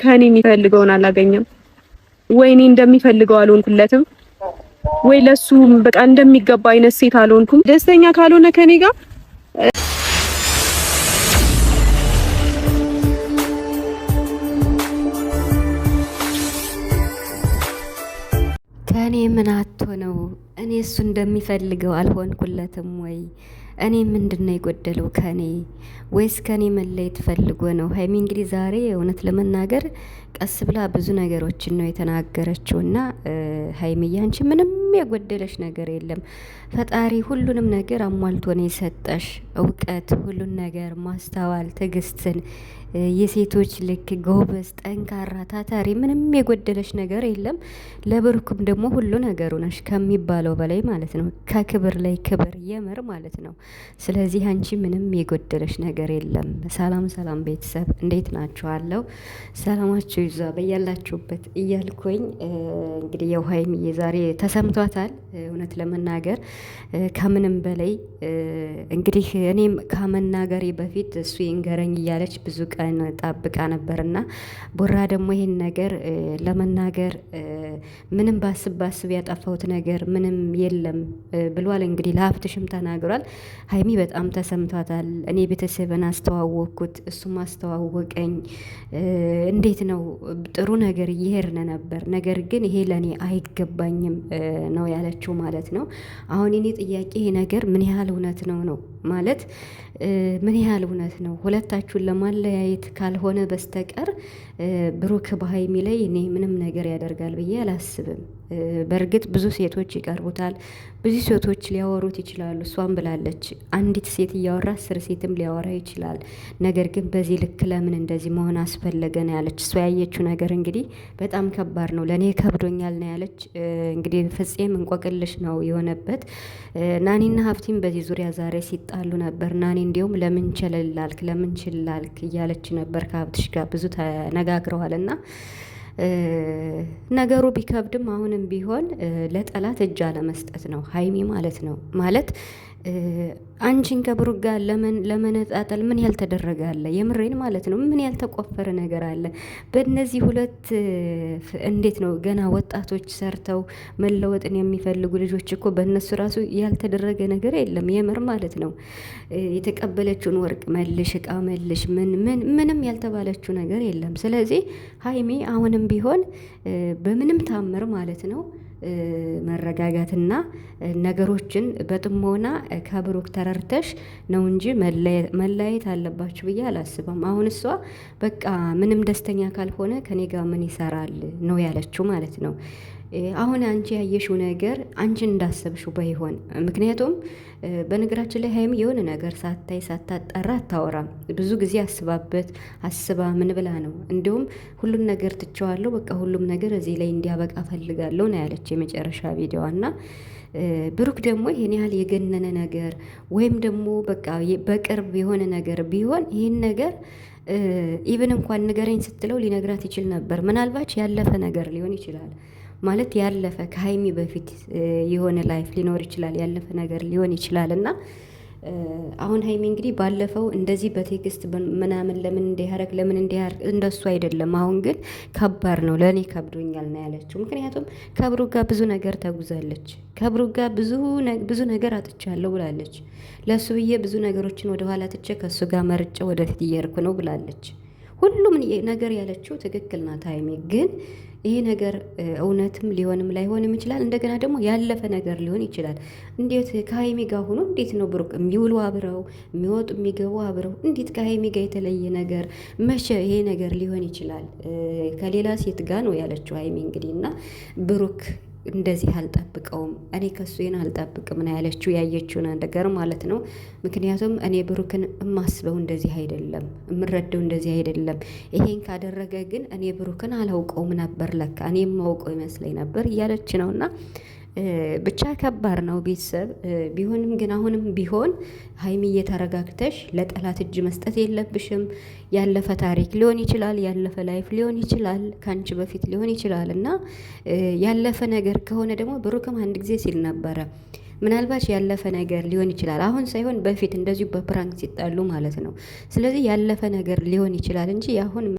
ከኔ የሚፈልገውን አላገኘም ወይ እኔ እንደሚፈልገው አልሆንኩለትም ወይ ለሱ በቃ እንደሚገባ አይነት ሴት አልሆንኩም። ደስተኛ ካልሆነ ከኔ ጋር ከእኔ ምን አቶ ነው? እኔ እሱ እንደሚፈልገው አልሆንኩለትም ወይ? እኔ ምንድን ነው የጎደለው ከኔ? ወይስ ከኔ መለየት ፈልጎ ነው? ሀይሚ እንግዲህ ዛሬ እውነት ለመናገር ቀስ ብላ ብዙ ነገሮችን ነው የተናገረችውና ሀይሚ አንቺ ምንም የጎደለሽ ነገር የለም። ፈጣሪ ሁሉንም ነገር አሟልቶ ነው የሰጠሽ። እውቀት፣ ሁሉን ነገር ማስተዋል፣ ትዕግስትን፣ የሴቶች ልክ፣ ጎበዝ፣ ጠንካራ፣ ታታሪ፣ ምንም የጎደለሽ ነገር የለም። ለብሩክም ደግሞ ሁሉ ነገሩ ነሽ ከሚባለው በላይ ማለት ነው። ከክብር ላይ ክብር የምር ማለት ነው። ስለዚህ አንቺ ምንም የጎደለሽ ነገር የለም። ሰላም ሰላም ቤተሰብ እንዴት ናችኋለሁ? ሰላማችሁ ይዛ በያላችሁበት እያልኩኝ እንግዲህ የውሀይም የዛሬ ተሰምቷል ከብዷታል። እውነት ለመናገር ከምንም በላይ እንግዲህ እኔም ከመናገሬ በፊት እሱ ይንገረኝ እያለች ብዙ ቀን ጣብቃ ነበርና ቦራ ደግሞ ይህን ነገር ለመናገር ምንም ባስብ ባስብ ያጠፋሁት ነገር ምንም የለም ብሏል። እንግዲህ ለሀብትሽም ተናግሯል። ሀይሚ በጣም ተሰምቷታል። እኔ ቤተሰብን አስተዋወቅኩት፣ እሱም አስተዋወቀኝ። እንዴት ነው ጥሩ ነገር እየሄድን ነበር። ነገር ግን ይሄ ለእኔ አይገባኝም ነው ያለችው ማለት ነው። አሁን የኔ ጥያቄ ይሄ ነገር ምን ያህል እውነት ነው ነው ማለት ምን ያህል እውነት ነው? ሁለታችሁን ለማለያየት ካልሆነ በስተቀር ብሩክ በሀይሚ ላይ እኔ ምንም ነገር ያደርጋል ብዬ አላስብም። በእርግጥ ብዙ ሴቶች ይቀርቡታል፣ ብዙ ሴቶች ሊያወሩት ይችላሉ። እሷም ብላለች አንዲት ሴት እያወራ አስር ሴትም ሊያወራ ይችላል። ነገር ግን በዚህ ልክ ለምን እንደዚህ መሆን አስፈለገ ነው ያለች። እሷ ያየችው ነገር እንግዲህ በጣም ከባድ ነው። ለእኔ ከብዶኛል ነው ያለች። እንግዲህ ፍጼም እንቆቅልሽ ነው የሆነበት። ናኒና ሀብቲም በዚህ ዙሪያ ዛሬ ሲጣሉ ነበር። ናኒ እንዲሁም ለምን ቸልላልክ፣ ለምን ችላልክ እያለች ነበር። ከሀብትሽ ጋር ብዙ ተነጋግረዋል እና ነገሩ ቢከብድም አሁንም ቢሆን ለጠላት እጅ አለመስጠት ነው ሀይሚ ማለት ነው ማለት አንቺን ከብሩክ ጋር ለምን ለመነጣጠል ምን ያልተደረገ አለ? የምሬን ማለት ነው። ምን ያልተቆፈረ ነገር አለ? በእነዚህ ሁለት እንዴት ነው ገና ወጣቶች ሰርተው መለወጥን የሚፈልጉ ልጆች እኮ በእነሱ ራሱ ያልተደረገ ነገር የለም። የምር ማለት ነው። የተቀበለችውን ወርቅ መልሽ፣ እቃ መልሽ፣ ምን ምን ምንም ያልተባለችው ነገር የለም። ስለዚህ ሀይሜ አሁንም ቢሆን በምንም ታምር ማለት ነው መረጋጋትና ነገሮችን በጥሞና ከብሩክ ተረርተሽ ነው እንጂ መለያየት አለባችሁ ብዬ አላስብም። አሁን እሷ በቃ ምንም ደስተኛ ካልሆነ ከኔ ጋር ምን ይሰራል ነው ያለችው ማለት ነው። አሁን አንቺ ያየሽው ነገር አንቺን እንዳሰብሽው ባይሆን። ምክንያቱም በነገራችን ላይ ሀይሚ የሆነ ነገር ሳታይ ሳታጠራ አታወራም። ብዙ ጊዜ አስባበት አስባ ምን ብላ ነው እንዲሁም ሁሉን ነገር ትቸዋለሁ፣ በቃ ሁሉም ነገር እዚህ ላይ እንዲያበቃ ፈልጋለሁ ነው ያለች የመጨረሻ ቪዲዮዋና ብሩክ ደግሞ ይሄን ያህል የገነነ ነገር ወይም ደግሞ በቃ በቅርብ የሆነ ነገር ቢሆን ይህን ነገር ኢብን እንኳን ንገረኝ ስትለው ሊነግራት ይችል ነበር። ምናልባት ያለፈ ነገር ሊሆን ይችላል። ማለት ያለፈ ከሀይሚ በፊት የሆነ ላይፍ ሊኖር ይችላል፣ ያለፈ ነገር ሊሆን ይችላል እና አሁን ሀይሚ እንግዲህ ባለፈው እንደዚህ በቴክስት ምናምን ለምን እንዲያረግ ለምን እንዲያርግ እንደሱ አይደለም። አሁን ግን ከባድ ነው ለእኔ ከብዶኛል ነው ያለችው። ምክንያቱም ከብሩ ጋር ብዙ ነገር ተጉዛለች። ከብሩ ጋር ብዙ ነገር ነገር አጥቻለሁ ብላለች። ለእሱ ብዬ ብዙ ነገሮችን ወደኋላ ትቼ ከእሱ ጋር መርጬ ወደፊት እየርኩ ነው ብላለች። ሁሉም ነገር ያለችው ትክክል ናት ሀይሚ። ግን ይህ ነገር እውነትም ሊሆንም ላይሆንም ይችላል። እንደገና ደግሞ ያለፈ ነገር ሊሆን ይችላል። እንዴት ከሀይሚ ጋር ሆኖ እንዴት ነው ብሩክ የሚውሉ አብረው የሚወጡ የሚገቡ አብረው እንዴት ከሀይሚ ጋር የተለየ ነገር መቼ ይሄ ነገር ሊሆን ይችላል? ከሌላ ሴት ጋር ነው ያለችው ሀይሚ እንግዲህ እና ብሩክ እንደዚህ አልጠብቀውም፣ እኔ ከሱ ይህን አልጠብቅም ና ያለችው፣ ያየችውን ነገር ማለት ነው። ምክንያቱም እኔ ብሩክን እማስበው እንደዚህ አይደለም፣ እምረዳው እንደዚህ አይደለም። ይሄን ካደረገ ግን እኔ ብሩክን አላውቀውም ነበር፣ ለካ እኔ የማውቀው ይመስለኝ ነበር እያለች ነውና ብቻ ከባድ ነው ቤተሰብ። ቢሆንም ግን አሁንም ቢሆን ሀይሚ እየተረጋግተሽ ለጠላት እጅ መስጠት የለብሽም። ያለፈ ታሪክ ሊሆን ይችላል፣ ያለፈ ላይፍ ሊሆን ይችላል፣ ከአንቺ በፊት ሊሆን ይችላል እና ያለፈ ነገር ከሆነ ደግሞ ብሩክም አንድ ጊዜ ሲል ነበረ ምናልባት ያለፈ ነገር ሊሆን ይችላል። አሁን ሳይሆን በፊት እንደዚሁ በፕራንክ ሲጣሉ ማለት ነው። ስለዚህ ያለፈ ነገር ሊሆን ይችላል እንጂ አሁን